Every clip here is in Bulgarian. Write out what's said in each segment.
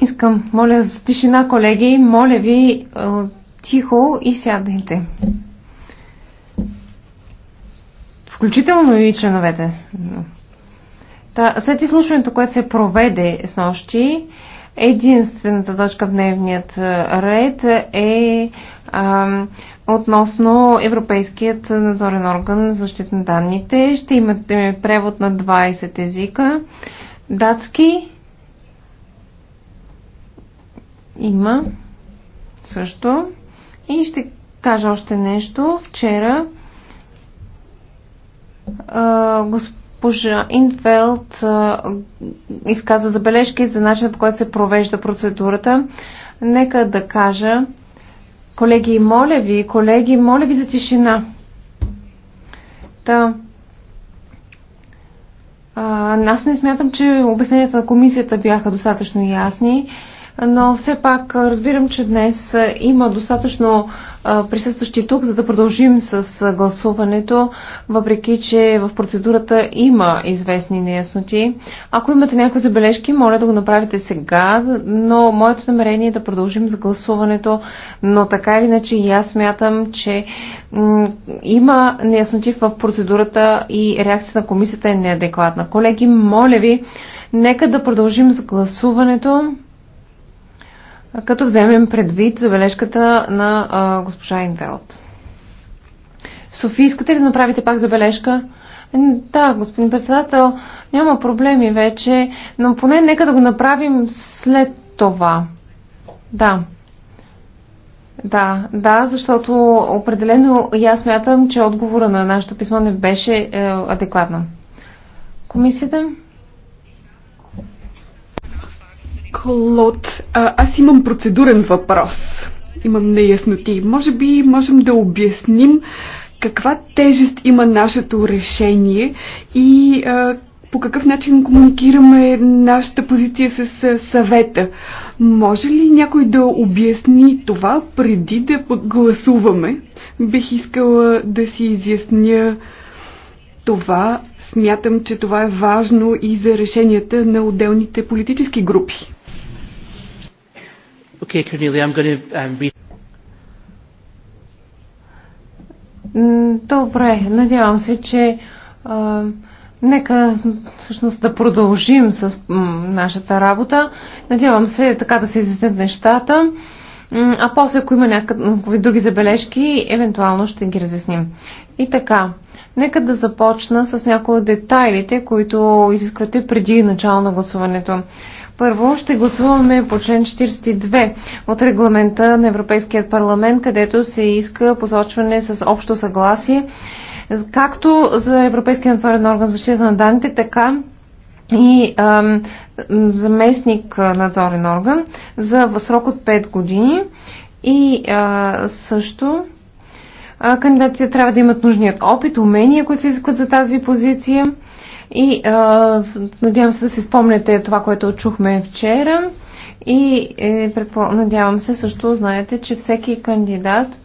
Искам, моля за тишина, колеги. Моля ви, е, тихо и сядайте. Включително и членовете. Та, след изслушването, което се проведе с нощи, единствената точка в дневният е, ред е а, е, относно Европейският надзорен орган за защита на данните. Ще имате превод на 20 езика. Датски, има. Също. И ще кажа още нещо. Вчера госпожа Инфелд изказа забележки за начина по който се провежда процедурата. Нека да кажа, колеги, моля ви, колеги, моля ви за тишина. Та, аз не смятам, че обясненията на комисията бяха достатъчно ясни но все пак разбирам, че днес има достатъчно присъстващи тук, за да продължим с гласуването, въпреки че в процедурата има известни неясноти. Ако имате някакви забележки, моля да го направите сега, но моето намерение е да продължим с гласуването, но така или иначе и аз смятам, че има неясноти в процедурата и реакцията на комисията е неадекватна. Колеги, моля ви, нека да продължим с гласуването като вземем предвид забележката на а, госпожа Инвелт. Софи, искате ли да направите пак забележка? Да, господин председател, няма проблеми вече, но поне нека да го направим след това. Да. Да, да, защото определено и аз мятам, че отговора на нашето писмо не беше е, адекватно. Комисията? Клод, а, аз имам процедурен въпрос. Имам неясноти. Може би можем да обясним каква тежест има нашето решение и а, по какъв начин комуникираме нашата позиция с съвета. Може ли някой да обясни това преди да гласуваме? Бих искала да си изясня това. Смятам, че това е важно и за решенията на отделните политически групи. Okay, Cornelia, I'm going to um, read. Добре, надявам се, че а, нека всъщност да продължим с м, нашата работа. Надявам се така да се изяснят нещата. А после, ако има някакви други забележки, евентуално ще ги разясним. И така, нека да започна с някои от детайлите, които изисквате преди начало на гласуването. Първо ще гласуваме по член 42 от регламента на Европейския парламент, където се иска посочване с общо съгласие, както за Европейския надзорен орган за защита на данните, така и ам, заместник надзорен орган за срок от 5 години. И а, също а, кандидатите трябва да имат нужният опит, умения, които се изискват за тази позиция и а, надявам се да си спомняте това, което чухме вчера. И е, предпол... надявам се също знаете, че всеки кандидат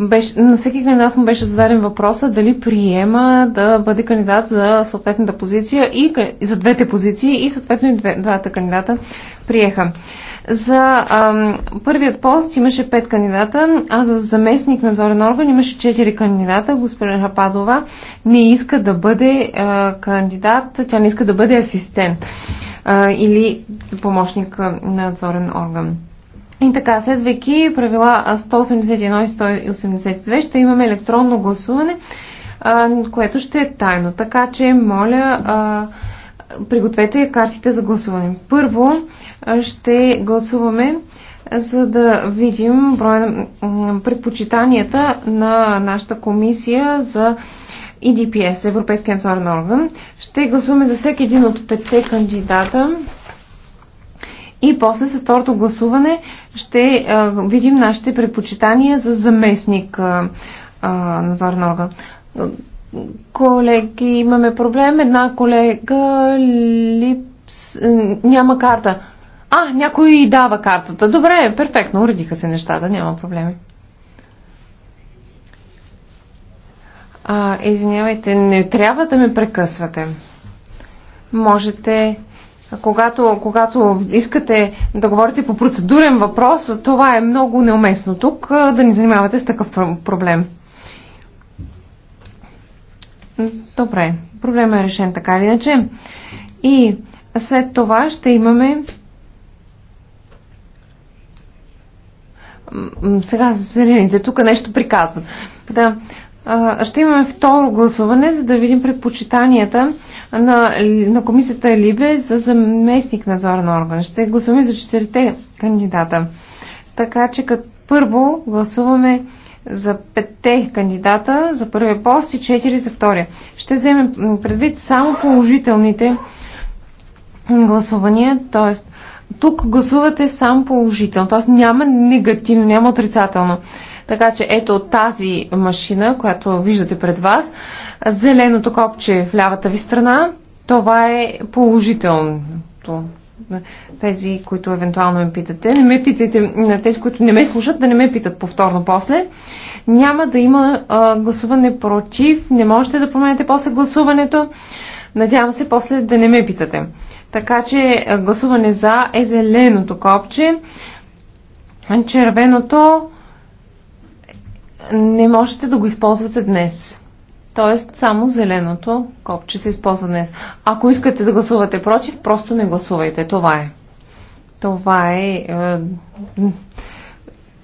беше, на всеки кандидат му беше зададен въпроса дали приема да бъде кандидат за съответната позиция и за двете позиции и съответно и двата кандидата приеха. За ам, първият пост имаше 5 кандидата, а за заместник надзорен орган имаше 4 кандидата. господин Хападова не иска да бъде а, кандидат, тя не иска да бъде асистент а, или помощник на надзорен орган. И така, следвайки правила 181 и 182, ще имаме електронно гласуване, а, което ще е тайно. Така че, моля. А, пригответе картите за гласуване. Първо ще гласуваме за да видим броя на предпочитанията на нашата комисия за EDPS, Европейския надзорен орган. Ще гласуваме за всеки един от петте кандидата и после с второто гласуване ще а, видим нашите предпочитания за заместник а, а, надзорен орган. Колеги, имаме проблем. Една колега липс... Е, няма карта. А, някой дава картата. Добре, перфектно, уредиха се нещата, няма проблеми. А, извинявайте, не трябва да ме прекъсвате. Можете, когато, когато искате да говорите по процедурен въпрос, това е много неуместно тук, да ни занимавате с такъв проблем. Добре, проблема е решен така или иначе. И след това ще имаме сега за зелените, тук нещо приказват. Да, ще имаме второ гласуване, за да видим предпочитанията на, на комисията Либе за заместник надзорен на орган. Ще гласуваме за четирите кандидата. Така че като първо гласуваме за петте кандидата за първия пост и четири за втория. Ще вземем предвид само положителните гласувания, т.е. тук гласувате само положително, т.е. няма негативно, няма отрицателно. Така че ето тази машина, която виждате пред вас, зеленото копче в лявата ви страна, това е положителното тези, които евентуално ме питате, не ме питайте, на тези, които не ме слушат, да не ме питат повторно после. Няма да има а, гласуване против, не можете да променете после гласуването. Надявам се после да не ме питате. Така че а, гласуване за е зеленото копче, червеното не можете да го използвате днес. Тоест, само зеленото копче се използва днес. Ако искате да гласувате против, просто не гласувайте. Това е. Това е, е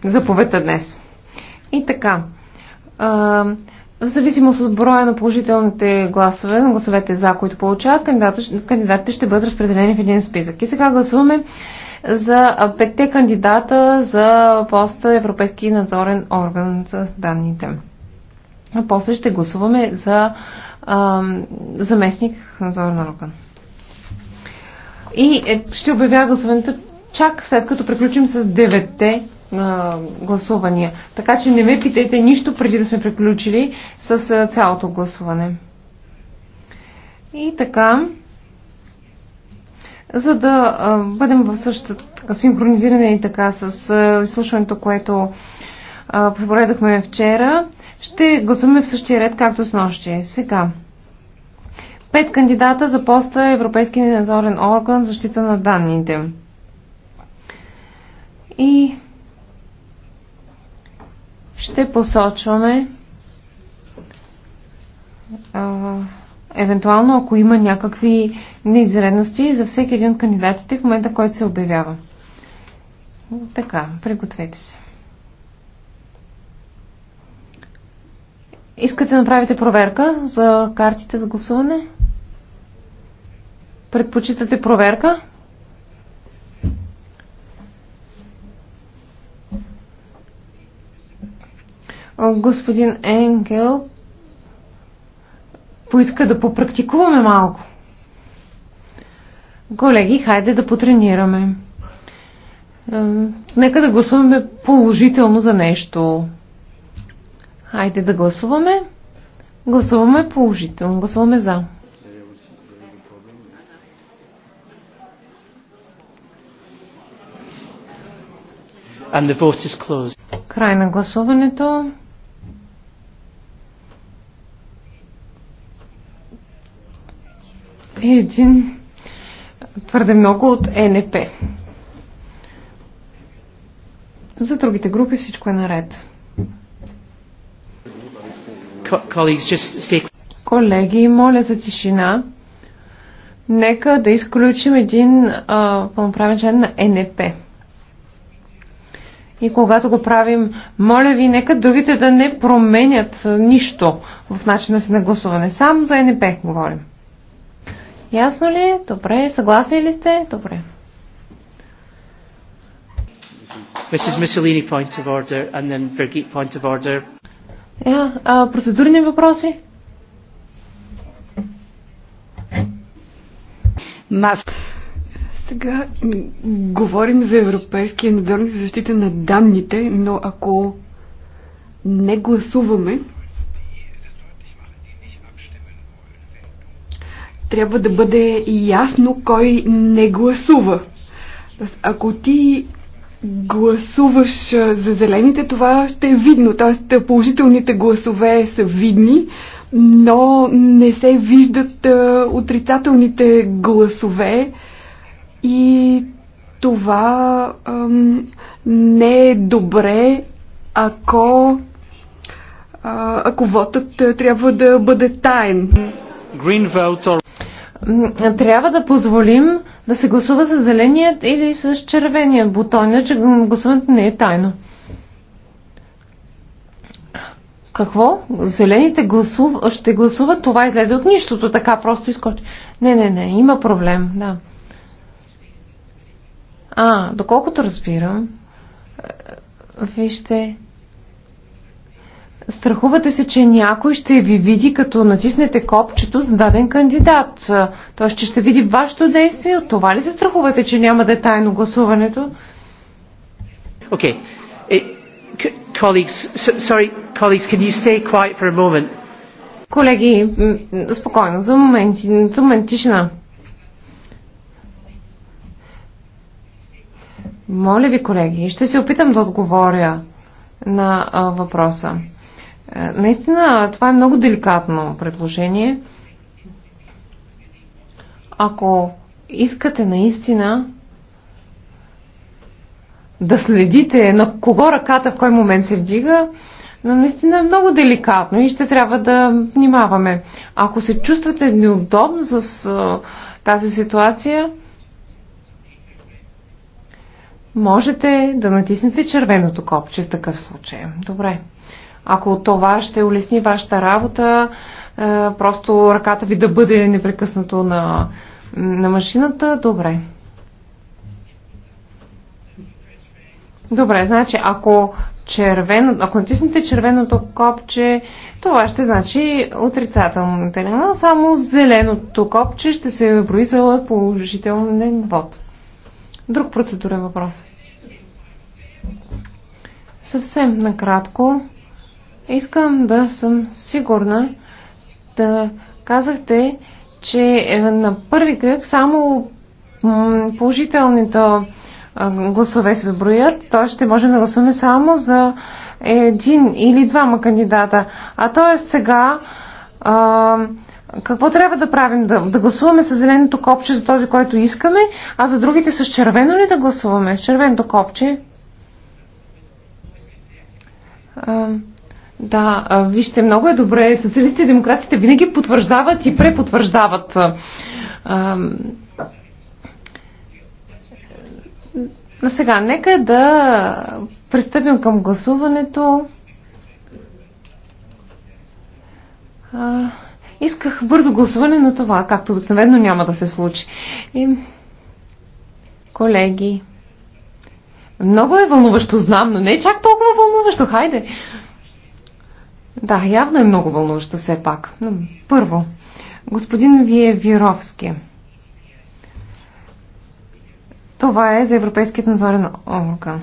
заповедта днес. И така. Е, в зависимост от броя на положителните гласове, на гласовете за, които получават, кандидатите ще бъдат разпределени в един списък. И сега гласуваме за петте кандидата за поста Европейски надзорен орган за данните а после ще гласуваме за а, заместник надзор на орган. И е, ще обявя гласуването чак след като приключим с девете гласувания. Така че не ме питайте нищо преди да сме приключили с а, цялото гласуване. И така, за да а, бъдем в същата така, синхронизиране и така с изслушването, което а, поредахме вчера, ще гласуваме в същия ред, както с нощи. Сега. Пет кандидата за поста е Европейски надзорен орган защита на данните. И ще посочваме а, евентуално, ако има някакви неизредности за всеки един от кандидатите в момента, в който се обявява. Така, пригответе се. Искате да направите проверка за картите за гласуване? Предпочитате проверка? Господин Енгел поиска да попрактикуваме малко. Колеги, хайде да потренираме. Нека да гласуваме положително за нещо. Хайде да гласуваме. Гласуваме положително. Гласуваме за. And the vote is closed. Край на гласуването. Един твърде много от ЕНП. За другите групи всичко е наред. Колеги, моля за тишина. Нека да изключим един пълноправен член на НП. И когато го правим, моля ви, нека другите да не променят нищо в начина си на гласуване. Само за НП говорим. Ясно ли? Добре. Съгласни ли сте? Добре. Mrs. Mussolini, point of order, and then Birgit, point of order. Я, е, а процедурни въпроси? Маск. Сега говорим за европейския надзор за защита на данните, но ако не гласуваме, трябва да бъде ясно кой не гласува. Тоест, ако ти гласуваш за зелените, това ще е видно. Т.е. положителните гласове са видни, но не се виждат отрицателните гласове и това ам, не е добре, ако, а, ако вотът трябва да бъде таен. Green vote or трябва да позволим да се гласува с зеления или с червения бутон, иначе гласуването не е тайно. Какво? Зелените гласув... ще гласуват, това излезе от нищото, така просто изкочи. Не, не, не, има проблем, да. А, доколкото разбирам, е, вижте, Страхувате се, че някой ще ви види, като натиснете копчето за даден кандидат. Тоест, че ще види вашето действие. От това ли се страхувате, че няма да е тайно гласуването? Okay. Е, colleagues, sorry, colleagues, can you stay quiet for a moment? Колеги, спокойно, за момент, за момент тишина. Моля ви, колеги, ще се опитам да отговоря на а, въпроса. Е, наистина, това е много деликатно предложение. Ако искате наистина да следите на кого ръката в кой момент се вдига, но наистина е много деликатно и ще трябва да внимаваме. Ако се чувствате неудобно с а, е, тази ситуация, можете да натиснете червеното копче в такъв случай. Добре. Ако това ще улесни вашата работа, е, просто ръката ви да бъде непрекъснато на, на машината, добре. Добре, значи ако, червено, ако натиснете червеното копче, това ще значи отрицателно терена, само зеленото копче ще се брои за положителен вод. Друг процедурен въпрос. Съвсем накратко Искам да съм сигурна да казахте, че е, на първи кръг само положителните гласове се броят, т.е. ще можем да гласуваме само за един или двама кандидата. А т.е. сега а, какво трябва да правим? Да, да гласуваме с зеленото копче за този, който искаме, а за другите с червено ли да гласуваме? С червеното копче? Да, вижте, много е добре. Социалистите и демократите винаги потвърждават и препотвърждават. На сега, нека да пристъпим към гласуването. А, исках бързо гласуване, на това, както обикновено, няма да се случи. И, колеги, много е вълнуващо, знам, но не е чак толкова вълнуващо. Хайде! Да, явно е много вълнуващо все пак. Но първо, господин Вие Вировски. Това е за Европейският надзорен орган.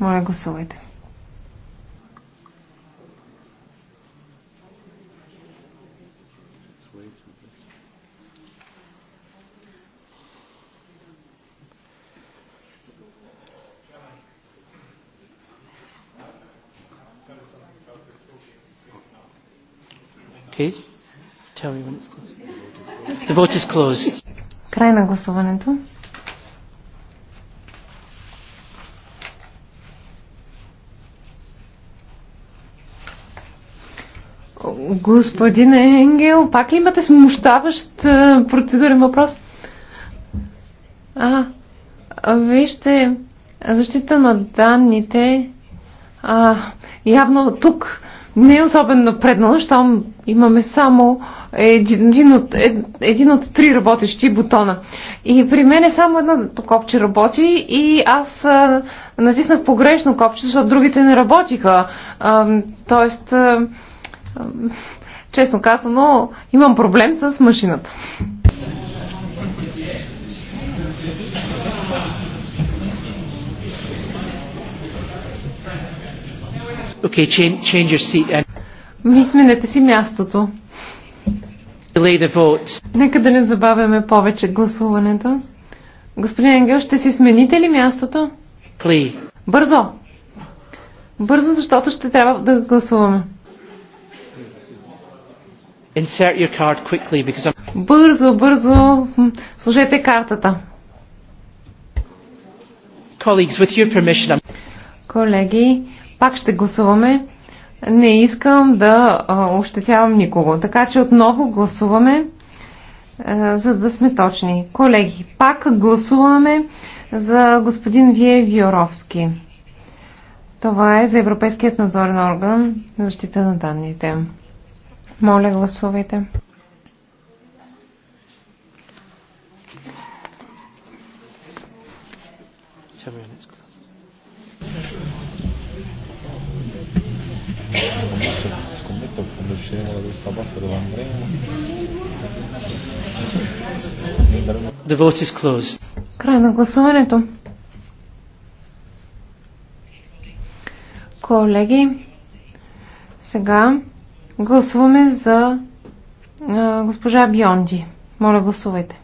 Моля, гласувайте. Okay. Tell me when it's closed. The vote is closed. Край на гласуването. Господин Енгел, пак ли имате смущаващ процедурен въпрос? А, вижте, защита на данните. А, явно тук не е особено напреднала, щом имаме само един, един, от, е, един от три работещи бутона. И при мен е само едно копче работи и аз а, натиснах погрешно копче, защото другите не работиха. А, тоест, а, а, честно казано, имам проблем с машината. Okay, change, change your seat and... Ми сменете си мястото. Delay the votes. Нека да не забавяме повече гласуването. Господин Енгел, ще си смените ли мястото? Please. Бързо. Бързо, защото ще трябва да гласуваме. Insert your card quickly, because I'm... Бързо, бързо, сложете картата. Colleagues, with your permission, I'm... Колеги, пак ще гласуваме. Не искам да ощетявам никого. Така че отново гласуваме, за да сме точни. Колеги, пак гласуваме за господин Вие Виоровски. Това е за Европейският надзорен орган на защита на данните. Моля, гласувайте. Tell scommetto quando usciremo da questa parte dove andremo The vote is closed. Край на гласуването. Колеги, сега гласуваме за а, госпожа Бьонди. Моля, гласувайте.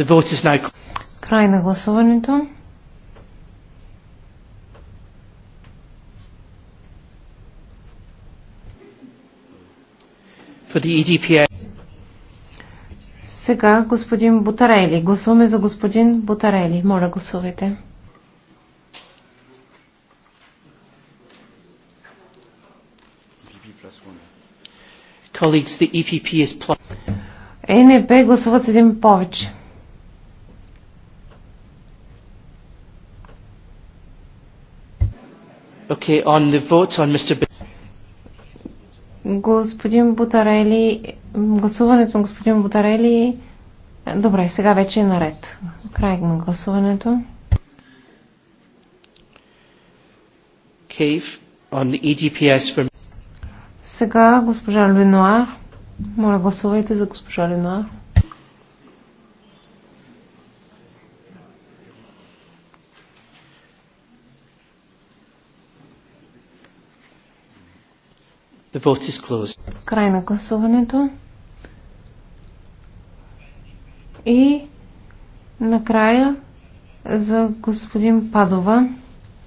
The vote is now... Край на гласуването. For the EDPA. Сега господин Бутарели. Гласуваме за господин Бутарели. Моля, гласувайте. Colleagues, the EPP is... ЕНП гласуват с един повече. Okay, on the vote on Mr. господин Бутарели, гласуването на господин Бутарели, добре, сега вече е наред. Край на гласуването. on the EDPS for... Сега госпожа Ленуар. Моля, гласувайте за госпожа Ленуар. The vote is closed. Край на гласуването. И накрая за господин Падова.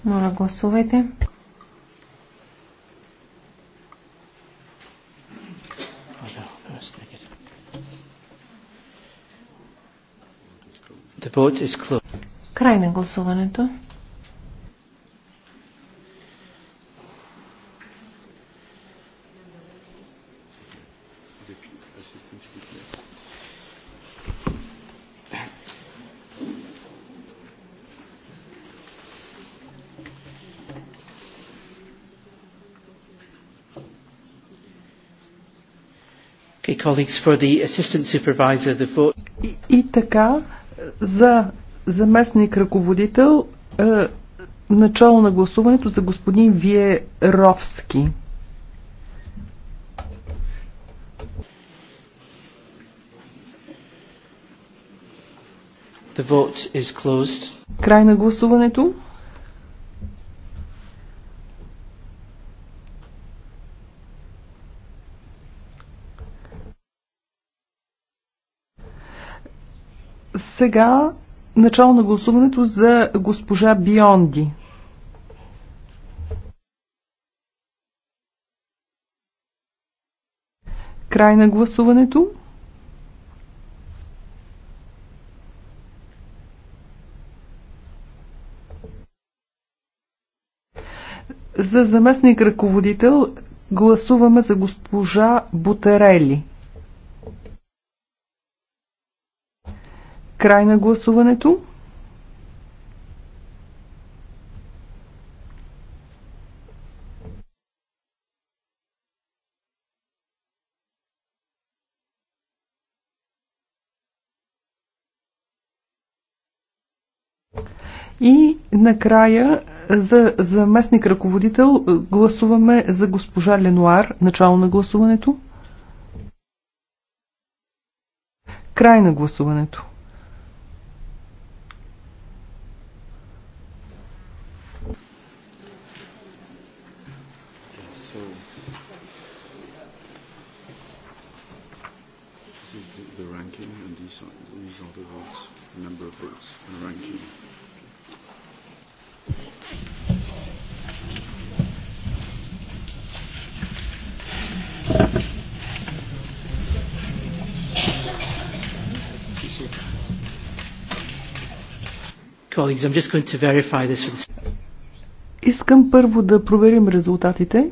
Моля, гласувайте. Край на гласуването. colleagues, for the assistant supervisor, the vote. И, и така, за заместник ръководител, е, начало на гласуването за господин Виеровски. The vote is closed. Край на гласуването. Сега начало на гласуването за госпожа Бионди. Край на гласуването. За заместник ръководител гласуваме за госпожа Бутерели. Край на гласуването. И накрая за заместник ръководител гласуваме за госпожа Ленуар, начало на гласуването. Край на гласуването. These are, these are the votes, the number of votes and ranking. Colleagues, I'm just going to verify this Искам първо да проверим резултатите.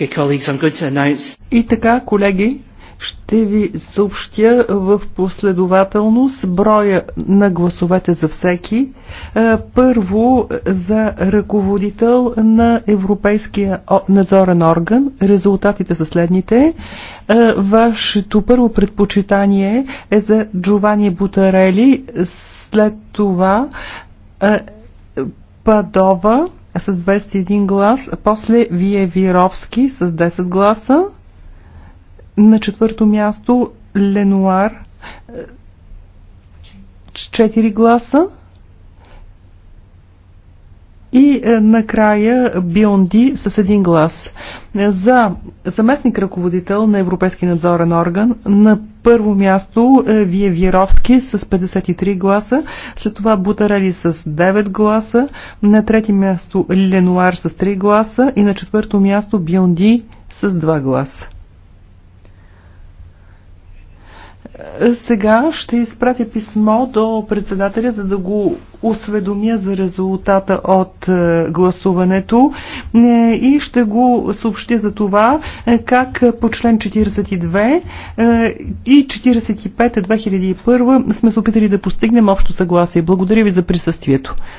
Okay, И така, колеги, ще ви съобщя в последователност броя на гласовете за всеки. Е, първо за ръководител на Европейския надзорен орган. Резултатите са следните. Е, вашето първо предпочитание е за Джовани Бутарели, след това е, Падова, с 21 глас, после Вие Вировски с 10 гласа, на четвърто място Ленуар 4 е, гласа, и е, накрая Бионди с един глас. За заместник ръководител на Европейски надзорен орган на първо място е, Вие Вировски с 53 гласа, след това Бутарели с 9 гласа, на трети място Ленуар с 3 гласа и на четвърто място Бионди с 2 гласа. Сега ще изпратя писмо до председателя, за да го осведомя за резултата от е, гласуването е, и ще го съобщя за това е, как по член 42 и 45 2001 сме се опитали да постигнем общо съгласие. Благодаря ви за присъствието.